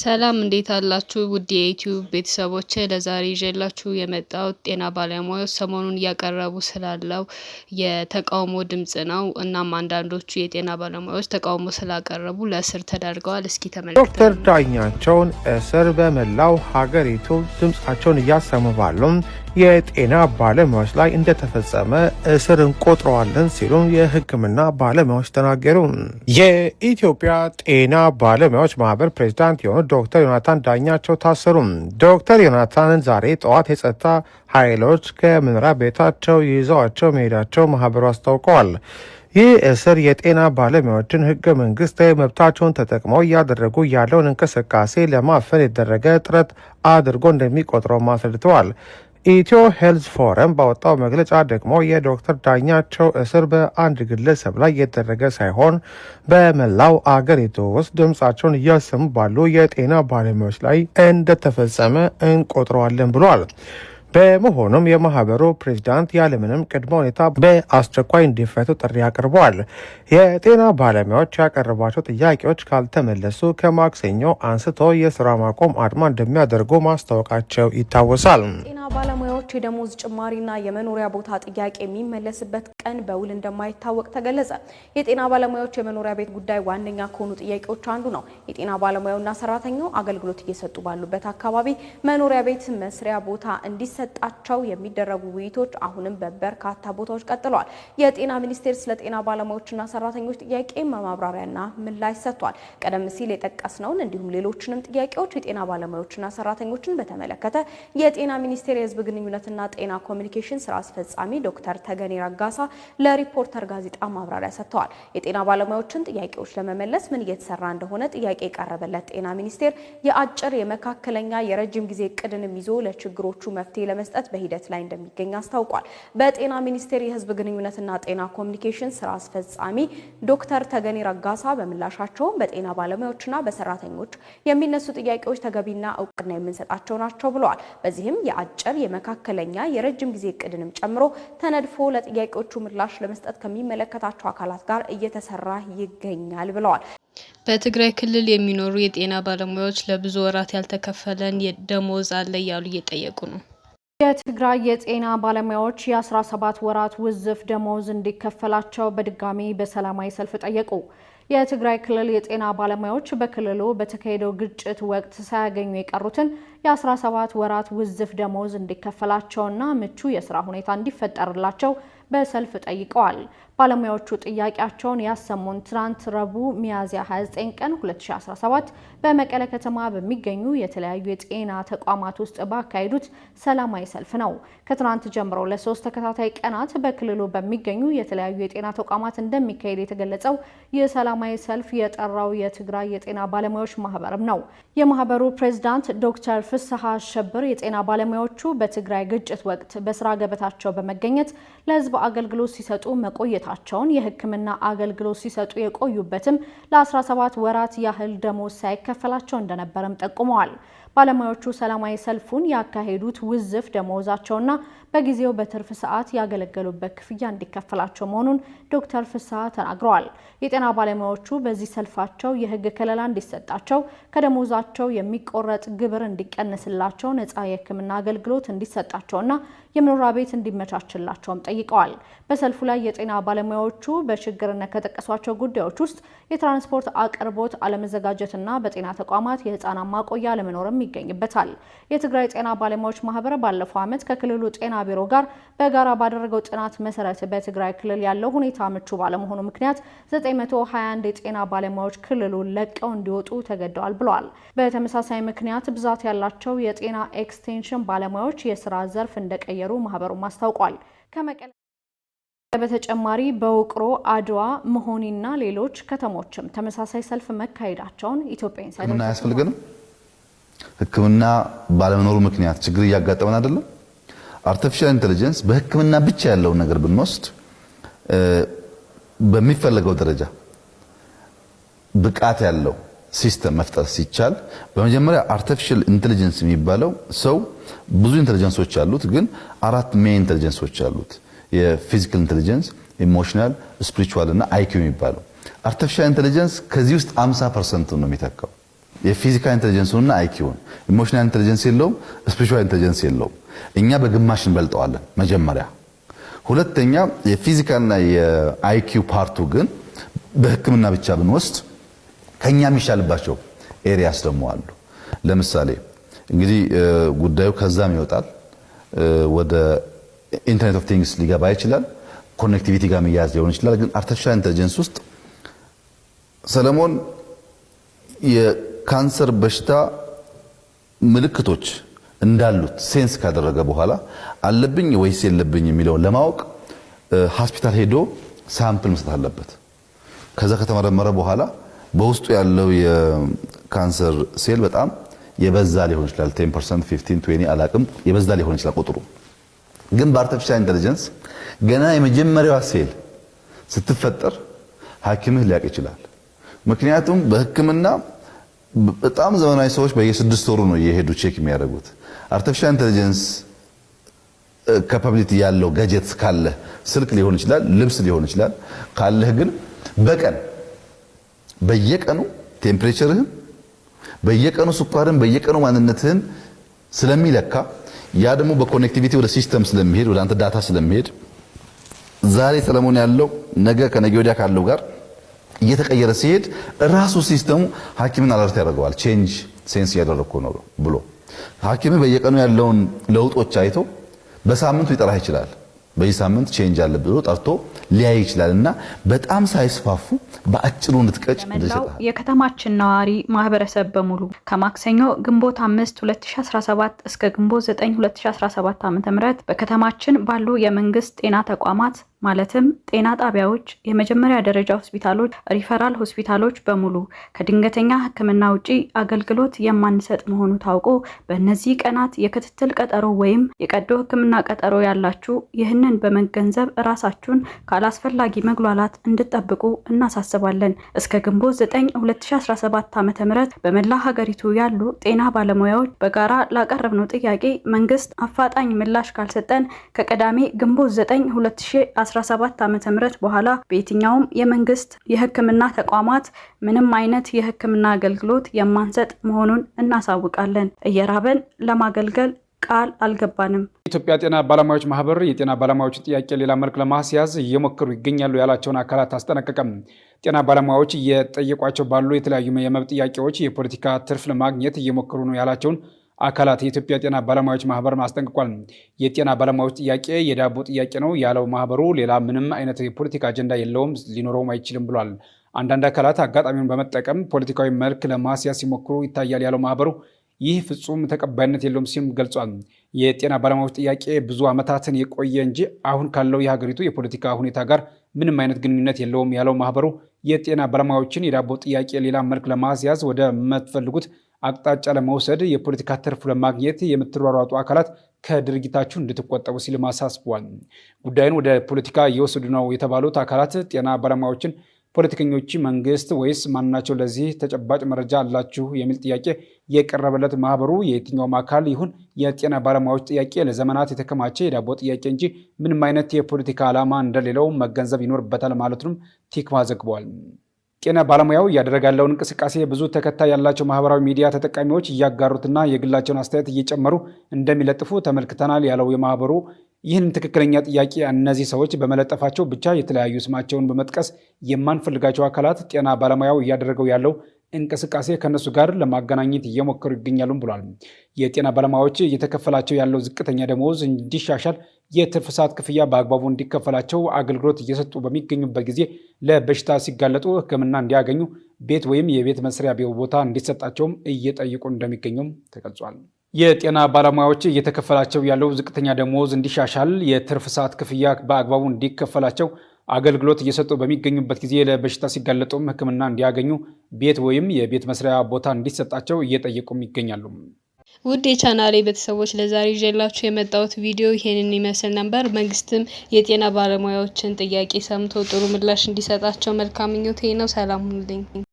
ሰላም እንዴት አላችሁ ውድ የዩቲዩብ ቤተሰቦች ለዛሬ ይዤላችሁ የመጣሁት ጤና ባለሙያዎች ሰሞኑን እያቀረቡ ስላለው የተቃውሞ ድምጽ ነው። እናም አንዳንዶቹ የጤና ባለሙያዎች ተቃውሞ ስላቀረቡ ለእስር ተዳርገዋል። እስኪ ተመልከቱ። ዶክተር ዳኛቸውን እስር በመላው ሀገሪቱ ድምጻቸውን እያሰሙ ባሉ የጤና ባለሙያዎች ላይ እንደተፈጸመ እስር እንቆጥረዋለን ሲሉም የሕክምና ባለሙያዎች ተናገሩ። የኢትዮጵያ ጤና ባለሙያዎች ማህበር ፕሬዚዳንት የሆኑት ዶክተር ዮናታን ዳኛቸው ታሰሩ። ዶክተር ዮናታንን ዛሬ ጠዋት የጸጥታ ኃይሎች ከመኖሪያ ቤታቸው ይዘዋቸው መሄዳቸው ማህበሩ አስታውቀዋል። ይህ እስር የጤና ባለሙያዎችን ህገ መንግስታዊ መብታቸውን ተጠቅመው እያደረጉ ያለውን እንቅስቃሴ ለማፈን የተደረገ ጥረት አድርጎ እንደሚቆጥረው አስረድተዋል። ኢትዮ ሄልዝ ፎረም ባወጣው መግለጫ ደግሞ የዶክተር ዳኛቸው እስር በአንድ ግለሰብ ላይ የተደረገ ሳይሆን በመላው አገሪቱ ውስጥ ድምፃቸውን እያሰሙ ባሉ የጤና ባለሙያዎች ላይ እንደተፈጸመ እንቆጥረዋለን ብሏል። በመሆኑም የማህበሩ ፕሬዚዳንት ያለምንም ቅድመ ሁኔታ በአስቸኳይ እንዲፈቱ ጥሪ አቅርበዋል። የጤና ባለሙያዎች ያቀረቧቸው ጥያቄዎች ካልተመለሱ ከማክሰኞ አንስቶ የስራ ማቆም አድማ እንደሚያደርጉ ማስታወቃቸው ይታወሳል። የሰራተኞች የደሞዝ ጭማሪና የመኖሪያ ቦታ ጥያቄ የሚመለስበት ቀን በውል እንደማይታወቅ ተገለጸ። የጤና ባለሙያዎች የመኖሪያ ቤት ጉዳይ ዋነኛ ከሆኑ ጥያቄዎች አንዱ ነው። የጤና ባለሙያውና ሰራተኛው አገልግሎት እየሰጡ ባሉበት አካባቢ መኖሪያ ቤት መስሪያ ቦታ እንዲሰጣቸው የሚደረጉ ውይይቶች አሁንም በበርካታ ቦታዎች ቀጥለዋል። የጤና ሚኒስቴር ስለ ጤና ባለሙያዎችና ሰራተኞች ጥያቄ ማብራሪያና ምላሽ ሰጥቷል። ቀደም ሲል የጠቀስነውን እንዲሁም ሌሎችንም ጥያቄዎች የጤና ባለሙያዎችና ሰራተኞችን በተመለከተ የጤና ሚኒስቴር የህዝብ ግንኙነት የስብለትና ጤና ኮሚኒኬሽን ስራ አስፈጻሚ ዶክተር ተገኔ ረጋሳ ለሪፖርተር ጋዜጣ ማብራሪያ ሰጥተዋል። የጤና ባለሙያዎችን ጥያቄዎች ለመመለስ ምን እየተሰራ እንደሆነ ጥያቄ የቀረበለት ጤና ሚኒስቴር የአጭር የመካከለኛ የረጅም ጊዜ እቅድንም ይዞ ለችግሮቹ መፍትሄ ለመስጠት በሂደት ላይ እንደሚገኝ አስታውቋል። በጤና ሚኒስቴር የህዝብ ግንኙነትና ጤና ኮሚኒኬሽን ስራ አስፈጻሚ ዶክተር ተገኔ ረጋሳ በምላሻቸውም በጤና ባለሙያዎችና በሰራተኞች የሚነሱ ጥያቄዎች ተገቢና እውቅና የምንሰጣቸው ናቸው ብለዋል። በዚህም የአጭር የመካከል ትክክለኛ የረጅም ጊዜ እቅድንም ጨምሮ ተነድፎ ለጥያቄዎቹ ምላሽ ለመስጠት ከሚመለከታቸው አካላት ጋር እየተሰራ ይገኛል ብለዋል። በትግራይ ክልል የሚኖሩ የጤና ባለሙያዎች ለብዙ ወራት ያልተከፈለን ደሞዝ አለ እያሉ እየጠየቁ ነው። የትግራይ የጤና ባለሙያዎች የ17 ወራት ውዝፍ ደሞዝ እንዲከፈላቸው በድጋሚ በሰላማዊ ሰልፍ ጠየቁ። የትግራይ ክልል የጤና ባለሙያዎች በክልሉ በተካሄደው ግጭት ወቅት ሳያገኙ የቀሩትን የ17 ወራት ውዝፍ ደሞዝ እንዲከፈላቸውና ምቹ የስራ ሁኔታ እንዲፈጠርላቸው በሰልፍ ጠይቀዋል። ባለሙያዎቹ ጥያቄያቸውን ያሰሙን ትናንት ረቡዕ ሚያዝያ 29 ቀን 2017 በመቀለ ከተማ በሚገኙ የተለያዩ የጤና ተቋማት ውስጥ ባካሄዱት ሰላማዊ ሰልፍ ነው። ከትናንት ጀምሮ ለሶስት ተከታታይ ቀናት በክልሉ በሚገኙ የተለያዩ የጤና ተቋማት እንደሚካሄድ የተገለጸው የሰላማዊ ሰልፍ የጠራው የትግራይ የጤና ባለሙያዎች ማህበርም ነው። የማህበሩ ፕሬዝዳንት ዶክተር ፍስሐ አሸብር የጤና ባለሙያዎቹ በትግራይ ግጭት ወቅት በስራ ገበታቸው በመገኘት ለህዝብ አገልግሎት ሲሰጡ መቆየት ቆይታቸውን የሕክምና አገልግሎት ሲሰጡ የቆዩበትም ለ17 ወራት ያህል ደሞዝ ሳይከፈላቸው እንደነበረም ጠቁመዋል። ባለሙያዎቹ ሰላማዊ ሰልፉን ያካሄዱት ውዝፍ ደመወዛቸውና በጊዜው በትርፍ ሰዓት ያገለገሉበት ክፍያ እንዲከፈላቸው መሆኑን ዶክተር ፍስሐ ተናግረዋል። የጤና ባለሙያዎቹ በዚህ ሰልፋቸው የህግ ከለላ እንዲሰጣቸው፣ ከደመወዛቸው የሚቆረጥ ግብር እንዲቀንስላቸው፣ ነጻ የሕክምና አገልግሎት እንዲሰጣቸውና የመኖሪያ ቤት እንዲመቻችላቸውም ጠይቀዋል። በሰልፉ ላይ የጤና ባለሙያዎቹ በችግርነት ከጠቀሷቸው ጉዳዮች ውስጥ የትራንስፖርት አቅርቦት አለመዘጋጀትና በጤና ተቋማት የህፃናት ማቆያ አለመኖርም ይገኝበታል። የትግራይ ጤና ባለሙያዎች ማህበር ባለፈው ዓመት ከክልሉ ጤና ቢሮ ጋር በጋራ ባደረገው ጥናት መሰረት በትግራይ ክልል ያለው ሁኔታ ምቹ ባለመሆኑ ምክንያት 921 የጤና ባለሙያዎች ክልሉን ለቀው እንዲወጡ ተገደዋል ብለዋል። በተመሳሳይ ምክንያት ብዛት ያላቸው የጤና ኤክስቴንሽን ባለሙያዎች የስራ ዘርፍ እንደቀየሩ ማህበሩም አስታውቋል። ከመቀለ በተጨማሪ በውቅሮ፣ አድዋ፣ መሆኒና ሌሎች ከተሞችም ተመሳሳይ ሰልፍ መካሄዳቸውን ኢትዮጵያ ኢንሳይደር ህክምና ባለመኖሩ ምክንያት ችግር እያጋጠመን አይደለም። አርቲፊሻል ኢንቴሊጀንስ በህክምና ብቻ ያለውን ነገር ብንወስድ በሚፈለገው ደረጃ ብቃት ያለው ሲስተም መፍጠር ሲቻል በመጀመሪያ አርቲፊሻል ኢንቴሊጀንስ የሚባለው ሰው ብዙ ኢንቴሊጀንሶች አሉት፣ ግን አራት ሜን ኢንቴሊጀንሶች አሉት። የፊዚካል ኢንቴሊጀንስ፣ ኢሞሽናል፣ ስፒሪቹዋል እና አይኪው የሚባለው አርቲፊሻል ኢንቴሊጀንስ ከዚህ ውስጥ 50 ፐርሰንት ነው የሚተካው። የፊዚካል ኢንቴሊጀንሱንና አይኪውን ኢሞሽናል ኢንቴሊጀንስ የለውም፣ ስፒሪቹዋል ኢንቴሊጀንስ የለውም። እኛ በግማሽ እንበልጠዋለን መጀመሪያ። ሁለተኛ የፊዚካልና የአይኪው ፓርቱ ግን በህክምና ብቻ ብንወስድ ከኛ የሚሻልባቸው ኤሪያስ ደግሞ አሉ። ለምሳሌ እንግዲህ ጉዳዩ ከዛም ይወጣል ወደ ኢንተርኔት ኦፍ ቲንግስ ሊገባ ይችላል። ኮኔክቲቪቲ ጋር መያያዝ ሊሆን ይችላል። ግን አርቲፊሻል ኢንተለጀንስ ውስጥ ሰለሞን ካንሰር በሽታ ምልክቶች እንዳሉት ሴንስ ካደረገ በኋላ አለብኝ ወይስ የለብኝ የሚለውን ለማወቅ ሆስፒታል ሄዶ ሳምፕል መስጠት አለበት። ከዛ ከተመረመረ በኋላ በውስጡ ያለው የካንሰር ሴል በጣም የበዛ ሊሆን ይችላል። 10% አላቅም፣ የበዛ ሊሆን ይችላል ቁጥሩ። ግን በአርቲፊሻል ኢንተለጀንስ ገና የመጀመሪያዋ ሴል ስትፈጠር ሐኪምህ ሊያውቅ ይችላል። ምክንያቱም በህክምና። በጣም ዘመናዊ ሰዎች በየስድስት ወሩ ነው እየሄዱ ቼክ የሚያደርጉት። አርቲፊሻል ኢንተለጀንስ ካፓቢሊቲ ያለው ገጀት ካለህ ስልክ ሊሆን ይችላል፣ ልብስ ሊሆን ይችላል። ካለህ ግን በቀን በየቀኑ ቴምፕሬቸርህን፣ በየቀኑ ስኳርን በየቀኑ ማንነትህን ስለሚለካ ያ ደግሞ በኮኔክቲቪቲ ወደ ሲስተም ስለሚሄድ ወደ አንተ ዳታ ስለሚሄድ ዛሬ ሰለሞን ያለው ነገ ከነገ ወዲያ ካለው ጋር እየተቀየረ ሲሄድ ራሱ ሲስተሙ ሐኪምን አለርት ያደርገዋል። ቼንጅ ሴንስ እያደረግኩ ነው ብሎ ሐኪም በየቀኑ ያለውን ለውጦች አይቶ በሳምንቱ ሊጠራህ ይችላል። በዚህ ሳምንት ቼንጅ አለ ብሎ ጠርቶ ሊያይ ይችላል እና በጣም ሳይስፋፉ በአጭሩ እንድትቀጭ የከተማችን ነዋሪ ማህበረሰብ በሙሉ ከማክሰኞ ግንቦት 5 2017 እስከ ግንቦት 9 2017 ዓ ም በከተማችን ባሉ የመንግስት ጤና ተቋማት ማለትም ጤና ጣቢያዎች፣ የመጀመሪያ ደረጃ ሆስፒታሎች፣ ሪፈራል ሆስፒታሎች በሙሉ ከድንገተኛ ሕክምና ውጪ አገልግሎት የማንሰጥ መሆኑ ታውቆ በእነዚህ ቀናት የክትትል ቀጠሮ ወይም የቀዶ ሕክምና ቀጠሮ ያላችሁ ይህንን በመገንዘብ ራሳችሁን ካላስፈላጊ መግሏላት እንድጠብቁ እናሳስባለን። እስከ ግንቦት 9 2017 ዓ ም በመላ ሀገሪቱ ያሉ ጤና ባለሙያዎች በጋራ ላቀረብነው ጥያቄ መንግስት አፋጣኝ ምላሽ ካልሰጠን ከቀዳሜ ግንቦት 9 ከ2017 ዓ በኋላ በየትኛውም የመንግስት የህክምና ተቋማት ምንም አይነት የህክምና አገልግሎት የማንሰጥ መሆኑን እናሳውቃለን። እየራበን ለማገልገል ቃል አልገባንም። የኢትዮጵያ ጤና ባለሙያዎች ማህበር የጤና ባለሙያዎችን ጥያቄ ሌላ መልክ ለማስያዝ እየሞከሩ ይገኛሉ ያላቸውን አካላት አስጠነቀቀም። ጤና ባለሙያዎች እየጠየቋቸው ባሉ የተለያዩ የመብት ጥያቄዎች የፖለቲካ ትርፍ ለማግኘት እየሞከሩ ነው ያላቸውን አካላት የኢትዮጵያ ጤና ባለሙያዎች ማህበር አስጠንቅቋል። የጤና ባለሙያዎች ጥያቄ የዳቦ ጥያቄ ነው ያለው ማህበሩ ሌላ ምንም አይነት የፖለቲካ አጀንዳ የለውም፣ ሊኖረውም አይችልም ብሏል። አንዳንድ አካላት አጋጣሚውን በመጠቀም ፖለቲካዊ መልክ ለማስያዝ ሲሞክሩ ይታያል ያለው ማህበሩ ይህ ፍጹም ተቀባይነት የለውም ሲልም ገልጿል። የጤና ባለሙያዎች ጥያቄ ብዙ ዓመታትን የቆየ እንጂ አሁን ካለው የሀገሪቱ የፖለቲካ ሁኔታ ጋር ምንም አይነት ግንኙነት የለውም ያለው ማህበሩ የጤና ባለሙያዎችን የዳቦ ጥያቄ ሌላ መልክ ለማስያዝ ወደ መትፈልጉት አቅጣጫ ለመውሰድ የፖለቲካ ትርፍ ለማግኘት የምትሯሯጡ አካላት ከድርጊታችሁ እንድትቆጠቡ ሲል አሳስቧል። ጉዳዩን ወደ ፖለቲካ እየወሰዱ ነው የተባሉት አካላት ጤና ባለሙያዎችን፣ ፖለቲከኞች፣ መንግስት ወይስ ማናቸው? ለዚህ ተጨባጭ መረጃ አላችሁ የሚል ጥያቄ የቀረበለት ማህበሩ የየትኛውም አካል ይሁን የጤና ባለሙያዎች ጥያቄ ለዘመናት የተከማቸ የዳቦ ጥያቄ እንጂ ምንም አይነት የፖለቲካ ዓላማ እንደሌለው መገንዘብ ይኖርበታል ማለቱንም ቲክማ ዘግቧል። ጤና ባለሙያው እያደረገ ያለውን እንቅስቃሴ ብዙ ተከታይ ያላቸው ማህበራዊ ሚዲያ ተጠቃሚዎች እያጋሩትና የግላቸውን አስተያየት እየጨመሩ እንደሚለጥፉ ተመልክተናል ያለው የማህበሩ ይህን ትክክለኛ ጥያቄ እነዚህ ሰዎች በመለጠፋቸው ብቻ የተለያዩ ስማቸውን በመጥቀስ የማንፈልጋቸው አካላት ጤና ባለሙያው እያደረገው ያለው እንቅስቃሴ ከነሱ ጋር ለማገናኘት እየሞከሩ ይገኛሉ ብሏል። የጤና ባለሙያዎች እየተከፈላቸው ያለው ዝቅተኛ ደመወዝ እንዲሻሻል የትርፍ ሰዓት ክፍያ በአግባቡ እንዲከፈላቸው አገልግሎት እየሰጡ በሚገኙበት ጊዜ ለበሽታ ሲጋለጡ ሕክምና እንዲያገኙ ቤት ወይም የቤት መስሪያ ቦታ እንዲሰጣቸውም እየጠየቁ እንደሚገኙም ተገልጿል። የጤና ባለሙያዎች እየተከፈላቸው ያለው ዝቅተኛ ደመወዝ እንዲሻሻል የትርፍ ሰዓት ክፍያ በአግባቡ እንዲከፈላቸው አገልግሎት እየሰጡ በሚገኙበት ጊዜ ለበሽታ ሲጋለጡም ሕክምና እንዲያገኙ ቤት ወይም የቤት መስሪያ ቦታ እንዲሰጣቸው እየጠየቁም ይገኛሉ። ውድ የቻናሌ ቤተሰቦች ለዛሬ ይዤላችሁ የመጣሁት ቪዲዮ ይሄንን ይመስል ነበር። መንግስትም የጤና ባለሙያዎችን ጥያቄ ሰምቶ ጥሩ ምላሽ እንዲሰጣቸው መልካም ምኞቴ ነው። ሰላም ሁኑልኝ።